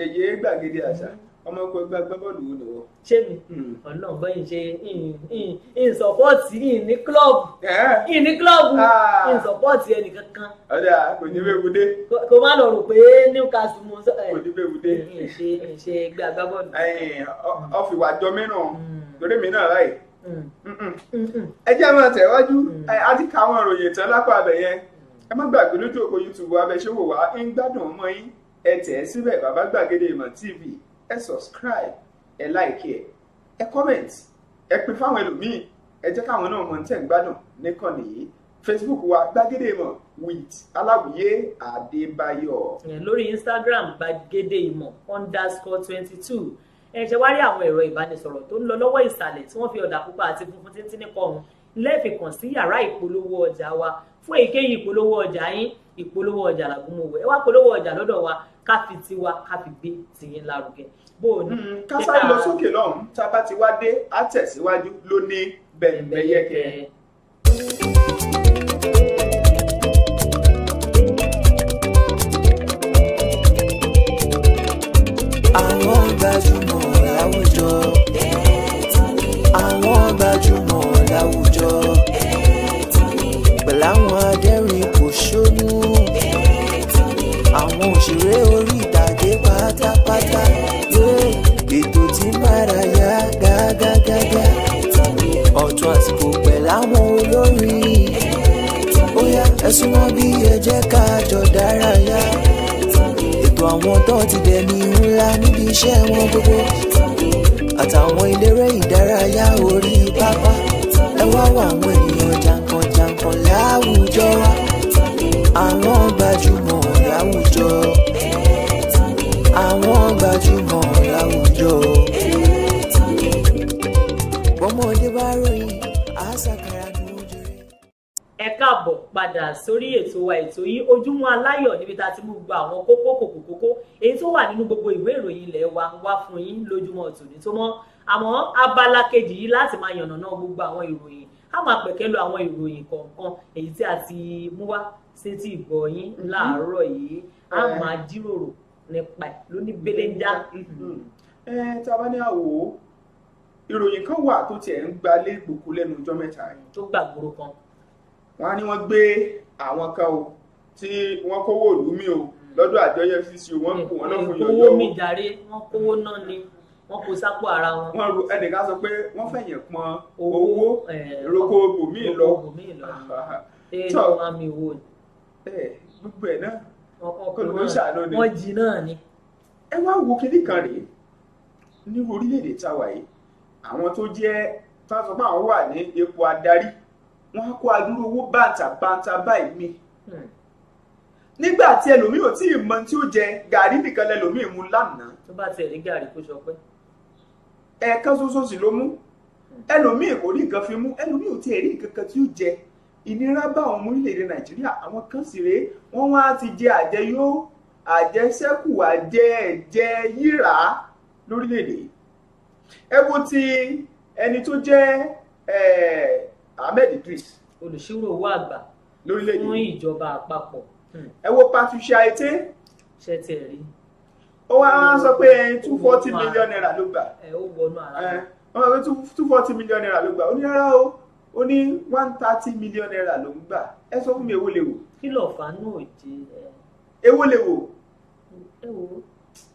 èyí gbàgede àṣà ọmọ ẹgbẹ́ ẹgbẹ́ agbábọ́ọ̀lù wo ni wọ́n. ṣé mi hmm. ọ̀nà bẹ́yìn ṣe ìsọ̀pọ̀tì ìní klọ́ọ̀bù ìní klọ́ọ̀bù ìsọ̀pọ̀tì ẹnìkankan. ọ̀dà kò ní bẹ́ẹ̀ wúdé. kò má lọ rò pé Newcastle mo sọ. kò ní bẹ́ẹ̀ wúdé. ṣe ṣe ẹgbẹ́ agbábọ́ọ̀lù. ọ̀fìwàjọ mìíràn lórí hmm. mi náà láì ẹ jẹ́ máa tẹ̀wájú a ti ka àwọn ìròyìn tán lápá abẹ yẹn ẹ má gbàgbé lójú òpó youtube abẹ́ṣẹ́wò wá ń gbádùn ọmọ yín ẹ tẹ̀ ẹ́ síbẹ̀ bàbá gbàgede ìmọ̀ tv ẹ subscribe ẹ like ẹ ẹ comment ẹ pè fáwọn ẹlòmíì ẹ jẹ́ káwọn náà mọ̀ tẹ̀ ń gbádùn nìkan nìyí facebook wa gbàgede ìmọ̀ with aláwìyé adébáyọ̀. lórí instagram gbàgede ìmọ̀ underscore twenty two ẹ ṣe wá rí àwọn ẹ̀rọ ìbánisọ̀rọ̀ tó ń lọ lọ́wọ́ ìsàlẹ̀ tí wọ́n fi ọ̀dà pupa àti funfun títí ní kọrun lẹ́ẹ̀fì kàn sí yàrá ìpolówó ọjà wa fún èyíkéyìí ìpolówó ọjà yín ìpolówó ọjà làgúnmọ̀wé ẹ wá polówó ọjà lọ́dọ̀ wa ká fi tiwa ká fi gbé tìyín lárugẹ bó o hmm, lọ sókè lọ́hùn tá a bá ti wá dé á tẹ̀síwájú lóní bẹ̀yẹ̀kẹ́. láwọn adẹ́rìn pòṣónú àwọn òṣèré orí ìtàgé pátápátá ètò tí mára yá gágágágá ọ̀tún àsìkò pẹ̀lú àwọn olórin ó yá ẹ bí ẹ jẹ́ dárayá ètò àwọn tó ti dẹni ńlá níbi iṣẹ́ wọn gbogbo àtàwọn eléré ìdárayá orí pápá ẹ wá wà àwọn kan láwùjọ àwọn gbajúmọ̀ láwùjọ àwọn gbajúmọ̀ láwùjọ. ọmọdé bá ròyìn àṣàkàrà ni wọ́n jẹ́. ẹ káàbọ̀ padà sórí ètò wa ètò yìí ojúmọ́ aláyọ̀ níbi tá a ti mú gbogbo àwọn kókó kòkó kókó èyí tó wà nínú gbogbo ìwé ìròyìn ilẹ̀ wa ń wá fún yín lójúmọ́ tòní tó mọ́ àmọ́ abala kejì yìí láti máa yànnàná gbogbo àwọn ìròyìn a máa pẹ̀kẹ́ lọ àwọn ìròyìn kọ̀ọ̀kan èyí tí a ti mú wá sétí ìgbọ̀nyín mhm. láàárọ̀ yìí a eh. máa jíròrò nípa ẹ̀ lónìí belenja. ẹ mhm. eh, tá a bá ní àwò ìròyìn kan wà tó tiẹ̀ ń gbalé gbòkú lẹ́nu ọjọ́ mẹ́ta yìí. tó gbàgbóró kan. wọ́n á ní wọ́n gbé àwọn kan o tí wọ́n kówó ìlú mi o hmm. lọ́dọ̀ àjọ efcc wọ́n kó wọn náà hmm. fún yọ̀yọ́ o. kówó mi jàre wọ́n kówó náà ni wọ́n kó sápò ara wọn. wọ́n ro ẹnìkan sọ pé wọ́n fẹ̀yìn pọn owó roko bòmíì lọ. èèlò wọn mi wò ni. gbogbo ẹ̀ náà kòlòkó ṣàánú ni. wọ́n jí náà ni. ẹ wá wo kinní kan rèé ní orílẹ̀-èdè táwa yìí àwọn tó jẹ́ tá a sọ pé àwọn wà ní ipò adarí wọ́n á kó adúrú owó bàǹtà bàǹtà báyìí mi hmm. nígbà tí ẹlòmíì ò tí ì mọ tí ó jẹ gàrí nìkan lẹlòmíì mú lánàá. tó bá tiẹ̀ ní gàrí kó sọ pé ẹ̀ẹ̀kan ṣoṣo sì ló mú ẹlòmíì kò rí nǹkan fi mú ẹlòmíì ò tiẹ̀ rí nǹkan kan tí ó jẹ ìnira bá àwọn ọmọ orílẹ̀-èdè nàìjíríà àwọn kan sì rèé wọ́n wá ti jẹ àjẹyó àjẹsẹ́kù àjẹ ẹ̀jẹ̀ yíra lórílẹ̀-èdè ẹ wo ti ẹni tó jẹ́ eh, ahmed idris olùṣírò owó àgbà lórílẹ̀-èdè fún ìjọba àpapọ̀ hmm. ẹ wo patricia ete ṣe tẹ̀ rí ó wá sọ pé two forty million naira ló gbà wọ́n sọ pé two forty million naira ló gbà ó ní rárá o ó ní one thirty million naira ló ń gbà ẹ sọ fún mi èwo lè wò. kí ló fà á náà jẹ. èwo lè wò.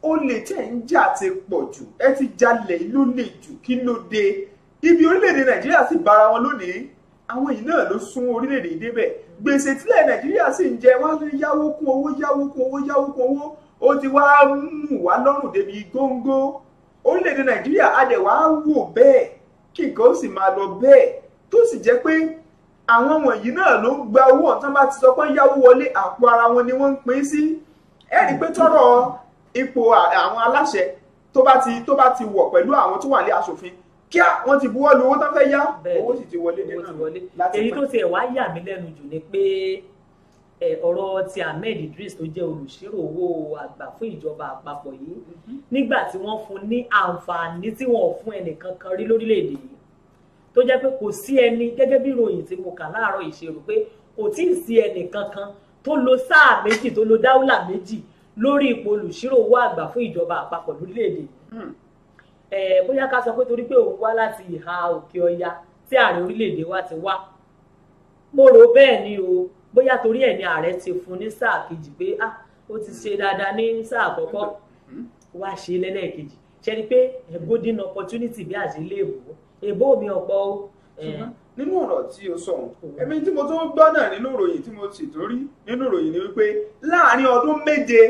ó lè tẹ̀ ń jà ti pọ̀ jù ẹ ti jalè ló lè jù kí ló dé ibi orílẹ̀-èdè nàìjíríà sì bára wọn lónìí àwọn yìí náà ló sún orílẹ̀-èdè yìí débẹ̀ gbèsè tílẹ̀ nàìjíríà sì ń jẹ wọ́n á lè yáwó kún owó yáwó kún owó yáwó kún owó ó ti wá mú wá lọ́rùn débi góńgó orílẹ̀-èdè nàìjíríà adẹ̀wà wò bẹ́ẹ̀ kí nǹkan ó sì máa lọ bẹ́ẹ̀ tó sì jẹ́ pé àwọn wọ̀nyí náà ló ń gba owó ọ̀tán bá ti sọ pé yáwó wọlé àpò ara wọn ni wọ́n ń pín sí ẹ pé tọrọ ipò àwọn aláṣẹ tó bá ti tó bá ti wọ̀ pẹ̀lú àwọn tó wà ní aṣòfin kíá wọ́n ti buwọ́ lu owó tó fẹ́ yá owó sì ti wọlé nínú láti pẹ́. èyí tó ti ẹ̀ wá yà mí lẹ́nu jù ni pé ọ̀rọ̀ ti Ahmed Idris tó jẹ́ olùṣírò owó àgbà fún ìjọba àpapọ̀ yìí mm-hmm. nígbà tí wọ́n fún ní àǹfààní tí wọ́n fún ẹnìkan kan rí lórílẹ̀‐èdè yìí tó jẹ́ pé kò sí ẹni gẹ́gẹ́ bí ìròyìn tí mo kà láàárọ̀ ìṣèrò pé kò tí ì sí ẹnìkan kan tó lo sáà méjì tó lo dáúlà méjì lórí ipò olùṣírò owó àgbà fún ìjọba àpapọ̀ lórílẹ̀‐èdè yìí hmm. bóyá ká sọ pé torí pé òun wá láti ìhà òkè ọya tí ààrẹ orílẹ̀‐èdè wa ti wá mo rò bẹ́ẹ̀ ni o bóyá torí ẹ̀ ni ààrẹ ti fún ní sáà kejì pé ah ó ti ṣe dáadáa ní sáà àkọ́kọ́ wá ṣe lẹ́lẹ́kejì ṣe ni pé a golden opportunity bí àṣẹ lè bò èbó mi ọ̀pọ̀ o. nínú ọ̀rọ̀ tí o sọ èmi tí mo tó ń gbọ́ náà nínú ìròyìn tí mo sì tó rí nínú ìròyìn ni wípé láàárín ọdún méje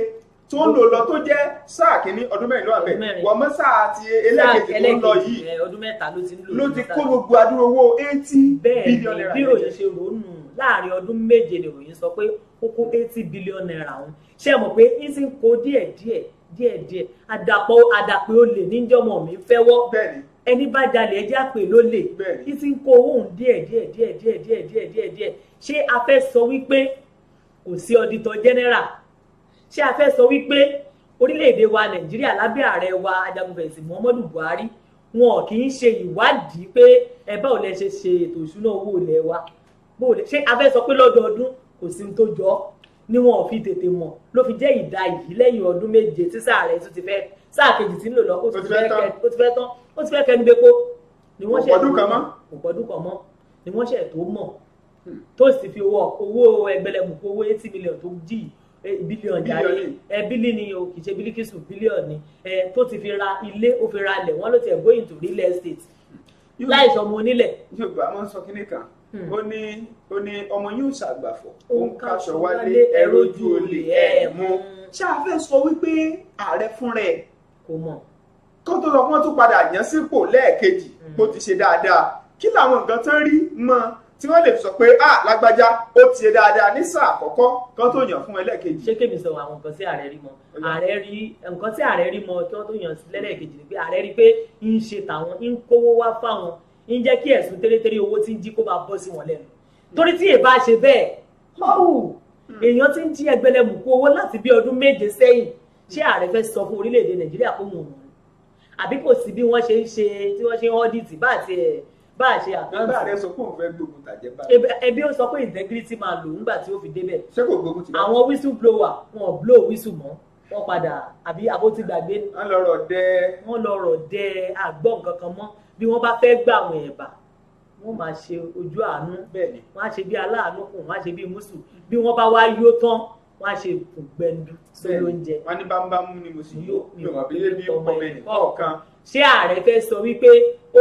tó ń lò lọ tó jẹ́ sáà kínní ọdún mẹ́rin ló wà bẹ́ẹ̀ wọ́n mọ́ sáà ti ẹlẹ́kejì tó ń lọ yìí ló ti kó gbogbo adúrówó eighty billion naira. bẹ́ẹ̀ ni bí òye ṣe rò ó nù láàrin ọdún méje nìròyìn sọ pé kókó eighty billion naira òun ṣé ẹ mọ̀ pé ń ti ń kó díẹ̀ díẹ̀ díẹ̀ díẹ̀ àdàpọ̀ àdàpọ̀ olè níjọ́mọ̀ mi fẹ́wọ́ ẹni bá jalè ẹjẹ́ àpè ló lè ń ti ń kó owó òun díẹ̀ díẹ̀ díẹ̀ díẹ̀ díẹ̀ díẹ̀ díẹ̀ díẹ̀ ṣé a fẹ́ sọ wípé kò sí ọdítọ̀ general ṣé a fẹ́ sọ wípé orílẹ̀-èdè wa nàìjíríà lábẹ́ ààrẹ wa ajagunfẹ̀sì muhammadu buhari wọn kì í ṣe ìwádìí pé ẹ báwo lẹ ṣe ṣe ètò ìṣúná owó ilẹ̀ wa bóde ṣé abẹ́ sọ pé lọ́dọọdún kò sí ní tó jọ ọ́ ni wọn ò fi tètè mọ̀ ló fi jẹ́ ìdá yìí lẹ́yìn ọdún méje tí sáà rẹ̀ tún ti fẹ́ sáà kejì tí ń lò lọ ó ti fẹ́ tán ó ti fẹ́ kẹ́ni bẹ́ẹ̀ kó ni wọ́n ṣe òpọ̀dún kan mọ́ ni wọ́n ṣe tó mọ̀ tó sì fi owó owó ẹgbẹ̀lẹ́mù owó eighty million tó jì eh, bílíọ̀nù jáde ẹ eh, bílí ni o kì í ṣe bílíkìsù bílíọ̀nù ni ẹ eh, tó ti fi ra ilé ó fi ra ilẹ̀ wọ́n ló ti ẹ̀ going to real estate láìsọ ọmọ onílẹ̀. yóò gbà á máa ń sọ kan Hmm. ó ní ó ní ọmọ yóò ṣàgbàfọ̀ ó ń káṣọ wálé ẹrójú olè ẹ̀ mú ṣé a fẹ́ sọ wípé ààrẹ fúnra ẹ̀ kò mọ̀ kó tó lọ wọ́n tún padà yàn sípò lẹ́ẹ̀kejì bó hmm. ti ṣe dáadáa kí làwọn nǹkan tán rí mọ́ tí wọ́n lè sọ pé ah lágbájá ó ti ṣe dáadáa ní sáà àkọ́kọ́ kó tó yàn fún ẹlẹ́ẹ̀kejì. ṣé kèmí sọ àwọn nǹkan tí ààrẹ rí mọ ààrẹ rí nǹkan tí ààrẹ rí mọ kí wọ́n tó yàn lẹ́lẹ́ẹ̀kejì ni pé ààrẹ rí pé ń ṣe tàwọn ń kówó wá fáwọn ń jẹ́ kí ẹ̀sùn tẹ́lẹ̀tẹ́lẹ̀ owó tí ń jí kó máa bọ́ sí wọn lẹ́nu torí tí èèbá ṣe bẹ́ẹ̀ hmm. èèyàn ti ń jí ẹgbẹ̀lẹ́mùkú owó láti bí ọdún méje sẹ́yìn ṣé ààrẹ fẹ́ sọ fún orílẹ̀-èdè nàìjíríà kó mọ̀ wọn àbí kò sí bí wọ́n ṣe ń ṣe tí wọ́n ṣe ń ọ́dìtì bá àti ẹ̀ bá a ṣe àkáǹtì. bá a rẹ sọ pé òun fẹ́ gbógun tàjẹ́ bá. ẹbí ó sọ pé integrity máa lò ńgbà tí ó fi débẹ̀. ṣé kò gbógun ti whistle blower wọn blow whistle mọ́ wọ́n padà àbí abó ti gbàgbé. wọ́n lọ rọ̀ dẹ́. wọ́n lọ rọ̀ dẹ́ bí wọ́n bá fẹ́ gbà àwọn ẹ̀bà wọ́n máa ṣe ojú àánú wọ́n á ṣe bí aláàánú kùn wọ́n á ṣe bí mùsù bí wọ́n bá wá yó tán wọ́n á ṣe kùn gbẹndu sórí oúnjẹ. wọ́n ní bámúbámú ni mo sì yóò mi ò bí lè bí ọmọ ẹnì kọ̀ọ̀kan. ṣé ààrẹ fẹ́ sọ wípé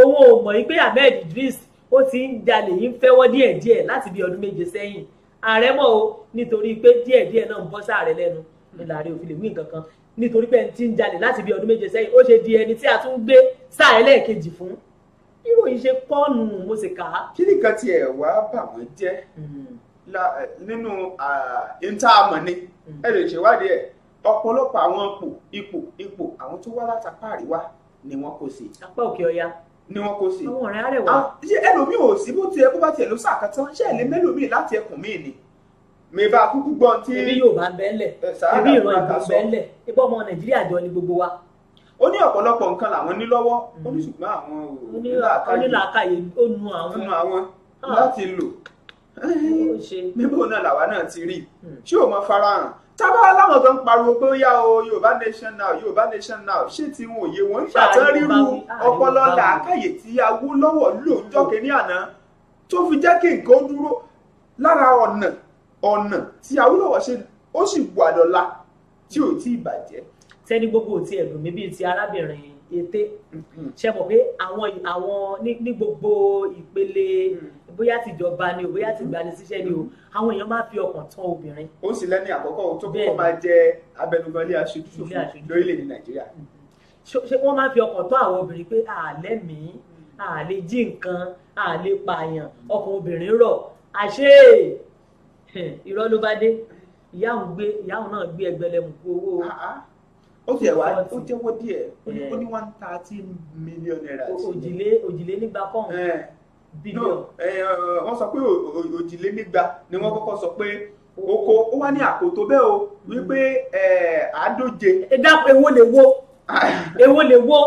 owó ò mọ̀ wípé Ahmed Idris ó ti ń jalè yìí ń fẹ́wọ́ díẹ̀díẹ̀ láti bí ọdún méje sẹ́yìn ààrẹ mọ̀ o nítorí pé díẹ̀díẹ̀ náà ń bọ́ sáàrẹ lẹ́nu ìlàrí òfin lè wí nǹkan kan nítorí pé ẹni ń jalè láti bí ọdún méje sẹ́yìn ó ṣe di ẹni tí a tún gbé sáàrẹ lẹ́ẹ̀kejì fún ìròyìn ṣe pọ̀ nù mo sì kà á. kí nìkan tiẹ̀ wá bà wọ́n jẹ́ hmm. nínú ìntààmọ̀ ni hmm. ẹ lè ṣèwádìí ẹ̀ ọ̀pọ̀lọpọ̀ àwọn ipò ipò ipò àwọn tó wá látàpá àríwá ni wọ́n kò sí. apá òkè ọya ni wọn kò sí. àwọn ọ̀rẹ́ àrẹwà. ṣé ẹlòmíì ò sí bó tiẹ̀ bó bá tiẹ̀ ló sàkátán ṣé ẹ̀ lè mélòmíì láti ẹkùn míì ni. mi bá kúkú gbọ́n tí. ebi yóò bá ń bẹ́ẹ̀ lẹ̀ ebi ìran ìbò bẹ́ẹ̀ lẹ̀ ibà ọmọ nàìjíríà jọ ni gbogbo wa ó ní ọ̀pọ̀lọpọ̀ nǹkan làwọn ní lọ́wọ́ ó ní ṣùgbọ́n àwọn onílàákàyè ó nu àwọn ah. láti lò níbo náà làwa náà ti rí hmm. ṣé o mọ farahàn tábà láwọn kan pariwo pé ó yá o yorùbá nation now yorùbá nation now ṣé tí wọn ò yé wọn nígbà tán ríru ah, ọpọlọ làákàyè tí a lò ń jọ́kẹ́ ní àná tó fi jẹ́ kí nǹkan dúró lára ọ̀nà ọ̀nà tí Awólọ́wọ̀ ṣe ó sì wà lọ́la tí ò tí ì bàjẹ́ tẹ́ni gbogbo ti ẹ̀dùn mi bíi ti arábìnrin ète mm-hmm. ṣe mọ̀ pé àwọn àwọn ní gbogbo ìpele mm. bóyá tìjọba ni o bóyá mm-hmm. tìgbanisíṣẹ́ ni o àwọn èèyàn máa fi ọkàn tán obìnrin. ó sì lẹ́ni àkọ́kọ́ tó kọ́kọ́ máa jẹ abẹnugan ilé aṣojú ṣòfò lórílẹ̀‐èdè nàìjíríà. Mm-hmm. ṣé wọ́n máa fi ọkàn tán àwọn obìnrin pé àlẹ́ mi àlè jí nǹkan àlè pààyàn ọkàn obìnrin rọ̀ àṣé irọ́ ló bá dé ìyáhùn náà gbé ẹgbẹ̀lẹ́mùkú owó ó tiẹ̀ wá ó jẹ́wọ́ díẹ̀ ó ní eh. one thirty million naira òjìlé òjìlé nígbà kan eh. bílíọ̀n. Eh, wọ́n sọ pé òjìlé nígbà ni wọ́n kọ́kọ́ sọ pé oko ó wá ní àkótó bẹ́ẹ̀ o hmm. wípé àádóje. ẹ dápẹ́ èwo lè wo èwo lè wo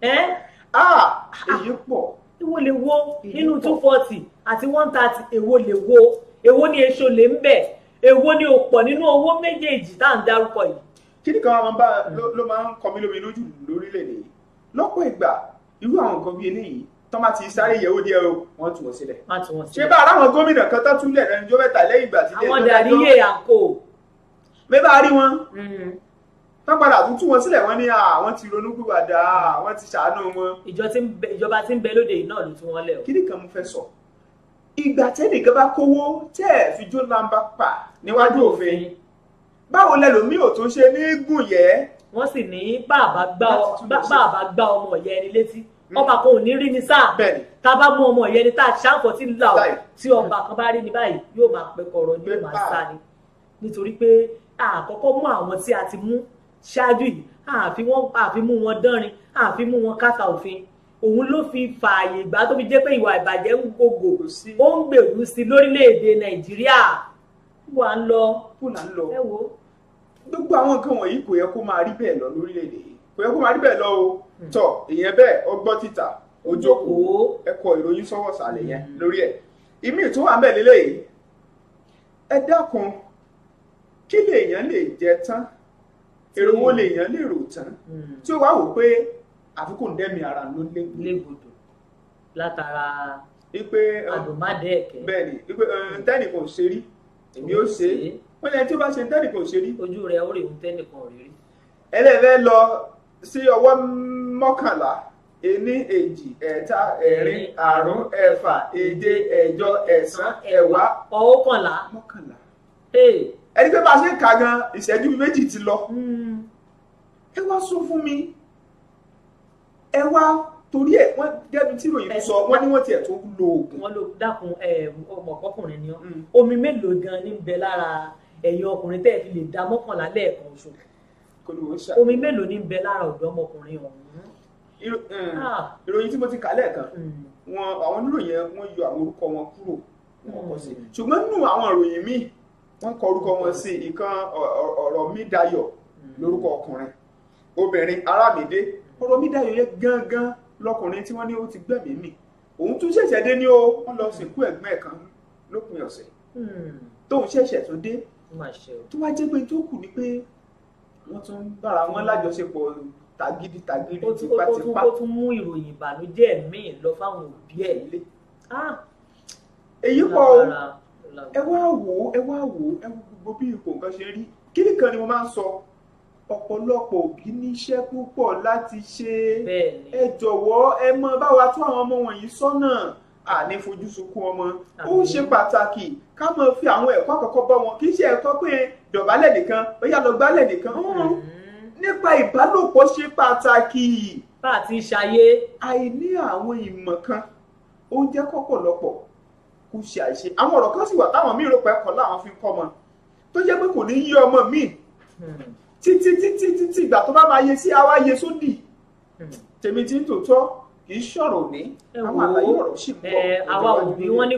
ah, ah. èyí pọ̀. èwo lè wo nínú two forty àti one thirty èwo lè wo èwo ni èso lè ń bẹ̀ èwo ni òpọ̀ nínú owó méjèèjì tá à ń dárúkọ yìí kí nìkan àwọn bá ló máa ń kọmí lómi lójú lórílẹ̀‐èdè yìí lọ́pọ̀ ìgbà irú àwọn nǹkan bíi eléyìí tán bá ti sáré yẹ̀wò díẹ̀ o wọ́n tún wọ́n sílẹ̀. ṣé bá ara àwọn gómìnà kan tán túlẹ̀ rẹ̀ níjọ́ mẹ́ta lẹ́yìn ìgbà tí. àwọn dàníyè àkó. mẹ́bàá rí wọn. Mm-hmm. tán padà tún tú wọn sílẹ̀ wọ́n ní àwọn ti ronú pìwàdà àwọn ti ṣàánú wọn. ìjọba tí ń bẹ lóde yìí náà ló tún wọn lẹ̀ o. kí nìkan mo fẹ́ sọ ìgbà tẹ́nìkan bá kówó tẹ́ẹ̀ fi jó lamba pa níwájú òfin báwo lẹlòmíì ò tún ṣe ní gùn yẹ. wọ́n sì ní bàbá gbá ọmọ ìyá ẹni létí hmm. ọba kan ò ní rí ni sáà tá a bá mú ọmọ ìyẹn ni tá a ṣàǹfọ̀ tí ń la ọ̀ tí ọba kan bá rí ni báyìí yóò máa pẹ kọ̀rọ̀ ni yóò máa sá ni nítorí pé àkọ́kọ́ mú àwọn tí a ti mú ṣáájú yìí àfi mú wọn dánrin àfi mú wọn kàtà òfin òun ló fi fààyè ìgbà tó fi jẹ́ pé ìwà ìbàjẹ́ ń gbogbo ó ń gbèrú sí lórílẹ̀‐èdè nàìjíríà wà ń lọ ẹ wo gbogbo àwọn nǹkan wọ̀nyí kò yẹ kó máa rí bẹ́ẹ̀ lọ lórílẹ̀‐èdè yìí kò yẹ kó máa rí bẹ́ẹ̀ lọ o hmm. tọ èèyàn bẹ́ẹ̀ ọgbọ́n títà ojókòó ẹ̀kọ́ ìròyìn sọ́wọ́ sàlẹ̀ yẹn hmm. lórí ẹ̀ ìmí tó wà mẹ́ẹ̀ lélẹ́yìí ẹ dákun kí lèèyàn lè jẹ tán èrò wo lèèyàn lè rò tán hmm. tí ó wá wò pé àfikún ń dẹ́mi ara ló légbodò látara àdùnmádẹ́ẹ̀kẹ́ bẹ́ẹ̀ ni tẹ́nìkan ò ṣe rí èmi ò ṣe é wọ́n lẹ́yìn tí ó bá ṣe tẹ́nì kan ò ṣe rí. ojú rẹ̀ ó rè ń tẹ́nì kan ò rí rí. ẹlẹ́fẹ́ lọ sí ọwọ́ mọ́kànlá ení èjì ẹ̀ta ẹ̀rin àrún ẹ̀fà èje ẹ̀jọ ẹ̀sán ẹ̀wá. ọ̀ọ́kànlá. mọ́kànlá. ẹni pé bá a ṣe ń ka gan ìṣẹ́jú méjì ti lọ. Hmm. ẹ wá sọ fún mi ẹ wá torí ẹ wọn gẹbi tí ròyìn sọ wọn ni wọn tiẹ̀ tó lo oògùn. wọn lo dákun ọmọkọkùnrin ni ọ hmm. omi mélòó gan ni ń bẹ lára ẹ̀yin ọkùnrin tẹ́ ẹ̀ fi lè da mọ́kànlá lẹ́ẹ̀kan oṣù omi mélòó ní bẹ lára ọ̀dọ́mọkùnrin ọ̀hún. Um, ah. ìròyìn tí mo ti kà lẹ́ẹ̀kan hmm. wọn àwọn oníròyìn yẹn wọ́n yọ àwọn orúkọ wọn kúrò wọn kọ sí hmm. ṣùgbọ́n nínú àwọn ìròyìn míì wọ́n kọ orúkọ wọn sí ìkan ọ̀rọ̀ mi dayọ̀ hmm. lórúkọ ọkùnrin obìnrin arámídé ọ̀rọ̀ mi dayọ̀ yẹn gángan lọkùnrin tí wọ́n ní ó ti gbẹ̀mí mì òun tún ṣẹ̀ṣẹ̀ dé ní o wọ́n lọ sìnkú ẹ̀gbọ́n ẹ̀ kan lópin ọ̀sẹ̀ tóun ṣẹ̀ṣẹ̀ tún dé tó wá jẹ́ pé tó kù ni pé wọ́n tún bára wọn lájọṣepọ̀ tàgídí tàgídí tipátipá ó tún mú ìròyìn ìbànújẹ́ míì lọ fáwọn òbí ẹ̀ ilé ah! èyí pọ̀ ẹ wá wò ó ẹ wá wò ó ẹ wo gbogbo bí ipò nǹkan ṣe rí kí nìkan ni mo máa ń sọ ọ̀pọ̀lọpọ̀ òbí níṣẹ́ púpọ̀ láti ṣe ẹ jọ̀wọ́ ẹ mọ báwa tún àwọn ọmọ wọ̀nyí sọ́nà àní fojú sunkún ọmọ ó ṣe pàtàkì ká máa fi àwọn ẹ̀kọ́ àkọ́kọ́ bọ́ wọn kì í ṣe ẹ̀kọ́ pé dọ̀bálẹ̀ nìkan ó yá lọ gbálẹ̀ nìkan nípa ìbálòpọ̀ ṣe pàtàkì. bá a ti ṣayé. àìní àwọn ìmọ̀ kan ó ń jẹ́ kọ́pọ̀lọpọ̀ kó ṣe àìṣe àwọn ọ̀rọ̀ kan sì wà táwọn míì rò pé ẹ̀kọ́ làwọn fi kọ́ ọmọ tó jẹ́ pé kò ní yí ọmọ míì hmm. títí títí títí ìgbà tó bá máa yẹ sí àwa yẹ sódì hmm. tèmi ti ń tòótọ́ kì í ṣọ̀rọ̀ òní àwọn àlàyé ọ̀rọ̀ sì pọ̀. àwa òbí wọn ní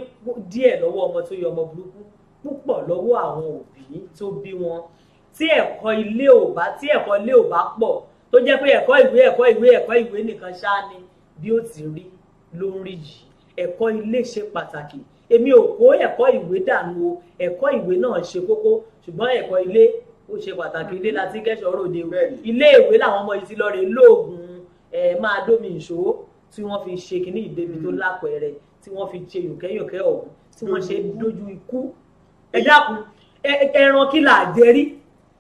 díẹ̀ lọ́wọ́ ọmọ tó yọ ọmọ burúkú púpọ̀ lọ́wọ́ àwọn òbí tó bí wọn tí ẹ̀kọ́ ilé ò bá tí ẹ̀kọ́ ilé ò bá pọ̀ tó jẹ́ pé ẹ̀kọ́ ìwé ẹ̀kọ́ ìwé ẹ̀kọ́ ìwé nìkan ṣáá ni bí ó ti rí ló ń rí yìí ẹ̀kọ́ ilé ṣe pàtàkì èmi ò kó ẹ̀kọ́ ìwé dànù o ẹ̀kọ́ ìwé náà ṣe kókó ṣùgbọ́n ẹ̀kọ́ ilé ó ṣe pàtàkì ilé láti kẹ́sọ̀ o ilé ìwé làwọn ọmọ yìí ti lọ rè lóògùn ẹ̀ máa dómi ìṣòwò tí wọ́n fi ṣe kínní ìdébi tó hmm. lápẹẹrẹ tí wọ́n fi ṣe yòkẹ́yòkẹ́ ọ̀hún tí wọ́n ṣe hmm. dojú ikú ẹ dákun ẹran kí là jẹ rí.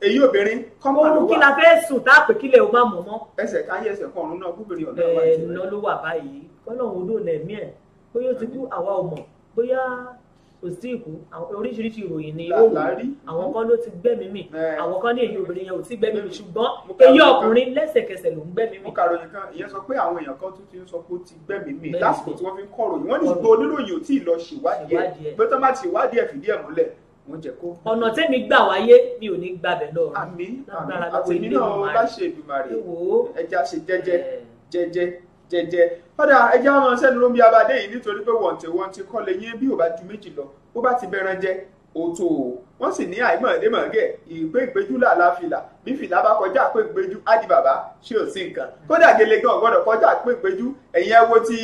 èyí obìnrin kọ́mọ ló wà òun kí la fẹ́ sùn tá a pè kílẹ̀ o má mọ̀ mọ́. ẹsẹ̀ káyé ẹsẹ̀ kan ọ̀run náà kúbìrì ọ̀dọ́ àbájẹ́ rẹ̀. ẹ̀ ẹ̀ ló wà báyìí kọ́lọ́hún ló lẹ̀mí ẹ̀ bóyá ó ti kú àwa ò mọ̀ bóyá kò sí ìkú oríṣiríṣi ìròyìn ni yóò wò àwọn kan ló ti gbẹ́mí mi àwọn kan ní èyí obìnrin yẹn ò ti gbẹ́mí mi ṣùgbọ́n èyí ọkùnrin lẹ́sẹ̀kẹsẹ̀ ló ń gbẹ́mí mi. mo ka ròyìn kan ìyẹn sọ pé àwọn èèyàn kan tún ti ń sọ pé ó ti gbẹ́mí mi lásìkò tí wọ́n fi ń kọ́ ròyìn wọ́n ní ìgbó oníròyìn ò tí ì lọ ṣèwádìí ẹ̀ pé tó má ti ìwádìí ẹ̀ fìdí ẹ̀ múlẹ̀ wọ́n jẹ́ kó. ọ̀nà tẹ́mi gbà wáyé mi ò ní gbàbẹ̀ lọ. àmín àmín àtẹ̀mí náà láṣẹ ìdùmarè ẹja ṣe jẹ́jẹ́ jẹ́jẹ́ jẹ́jẹ́ kódà ẹjẹ́ àwọn sẹ́nu ló ń bí abadé yìí nítorí pé wọ̀ǹtẹ̀ wọ̀ǹtẹ̀ kọ́ lè yín bí ò bá ju méjì lọ bó bá ti bẹran jẹ òtò wọ́n sì ní àìmọ̀ọ́dẹ́mọ̀ọ́gẹ̀ ìpé ìpéjú làlá fìlà bí fìlà bá kọjá pé ìpéjú ádi bàbá ṣé ò sí nǹkan kódà gèlè gan gbọ́dọ̀ kọjá pé ìpéjú ẹ̀yin ẹwo ti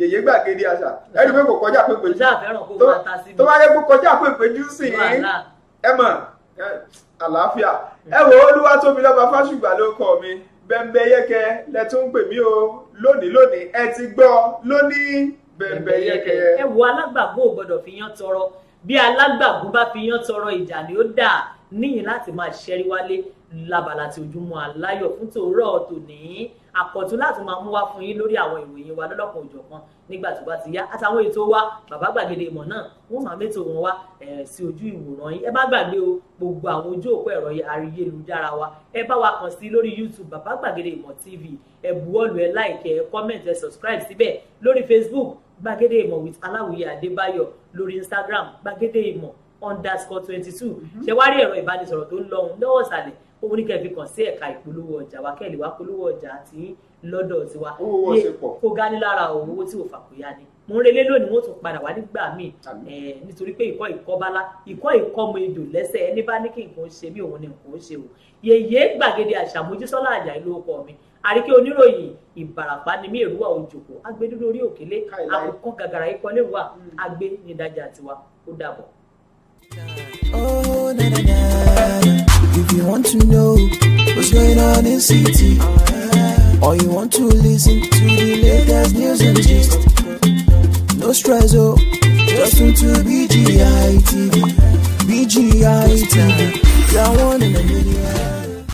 yèyé gbàgede àṣà ẹni pé kò kọjá pé ìpéjú tó bá yẹ kó kọjá pé ìpéjú sì ní ẹ mọ̀ àlàáfíà ẹ wò ó lúwa lọ́ba fásùgbà ló kọ́ mi bẹ́ńbẹ́ yẹ́kẹ́ lẹ́tún pè mí o lónìí lónìí ẹ ti gbọ́ lónìí bẹ̀ẹ̀bẹ̀ yẹkẹ. ẹ wo alágbàgbọ́ ò gbọ́dọ̀ fi yán tọrọ bí alágbàgbọ́ bá fi yán tọrọ ìjà ni ó dà níyìn láti máa ṣẹ́rí wálé lábala ti ojúmọ́ aláyọ̀ fún tòórọ́ tòní àkọ̀tún láti máa mú wá fún yín lórí àwọn ìròyìn wa lọ́lọ́kan òjọ̀kan nígbà tó bá ti yá àtàwọn ètò wa bàbá gbàgede ìmọ̀ náà wọ́n máa mẹ́tò wọn wá sí ojú ìwòran yín ẹ bá gbàgbé o gbogbo àwọn ojú òpó ẹ̀rọ ayélujára wa ẹ bá wa kàn sí lórí youtube bàbá gbàgede ìmọ̀ tv ẹ buwọ́lù ẹ láìkẹ́ ẹ kọ́mẹ̀ntì ẹ subscribe síbẹ̀ lórí facebook gbàgede ìmọ̀ with aláwìyé adébáyọ̀ lórí instagram gbàgede ìmọ̀ underscore twenty two mm-hmm. ṣẹwárí ẹ̀rọ ìbánisọ̀rọ̀ tó ń lọ́hùn lọ́wọ́ ó ní kẹfì kàn sí ẹ̀ka ìpolówó ọjà wa kẹ́lẹ̀ wá polówó ọjà àti lọ́dọ̀ tiwa kó gani lára owó tí òfà kò yá ni mo ń relé lónìí wọn tún padà wá nígbà míì nítorí pé ìkọ́ ìkọ́bálá ìkọ́ ìkọ́mọ èdò lẹ́sẹ̀ ẹni bá ní kí nǹkan ṣe mí òun ni nǹkan ṣe o yèyé gbàgede àṣàmójúsọ́lá àjà ìlú ọkọ mi àríkẹ́ oníròyìn ìbàràpá ni mí èrúwà òjòkó agbẹdúró orí òkèlè àkókò gàgàrà ikọ léwà agbé ní ìdájà tiwa ó dàbọ̀. Oh, If you want to know what's going on in city, or you want to listen to the latest news and gist, no stress, oh, just tune to BGI TV. BGI TV, you're one in a million.